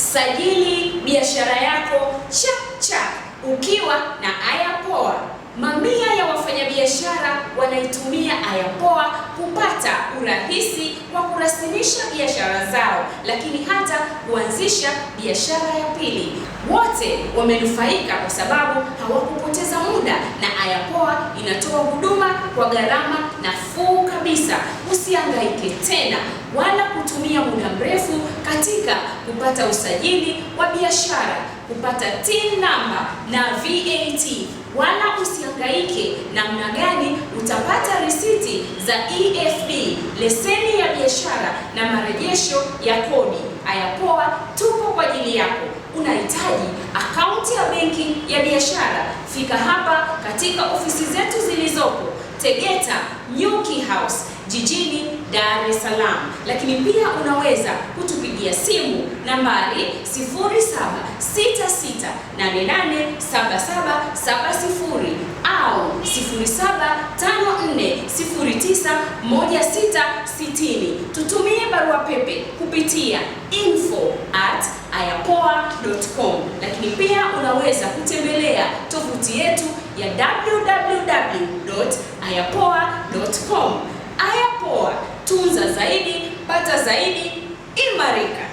Sajili biashara yako chap chap ukiwa na Ayapoa. Mamia ya wafanyabiashara wanaitumia Ayapoa kupata urahisi wa kurasimisha biashara zao, lakini hata kuanzisha biashara ya pili. Wote wamenufaika kwa sababu hawakupoteza muda, na Ayapoa inatoa huduma kwa gharama nafuu kabisa. usiangaike tena wala kutumia muda mrefu katika kupata usajili wa biashara, kupata TIN namba na VAT, wala usihangaike namna gani utapata risiti za EFD, leseni ya biashara na marejesho ya kodi. Ayapoa tupo kwa ajili yako. Unahitaji akaunti ya benki ya biashara, fika hapa katika ofisi zetu zilizopo Tegeta Nyuki House jijini Dar es Salaam, lakini pia unaweza kutupigia simu nambari 0766887770 au 0754091660. Tutumie barua pepe kupitia info@ www.mpaka.com, lakini pia unaweza kutembelea tovuti yetu ya www.ayapoa.com. Ayapoa, tunza zaidi, pata zaidi, imarika.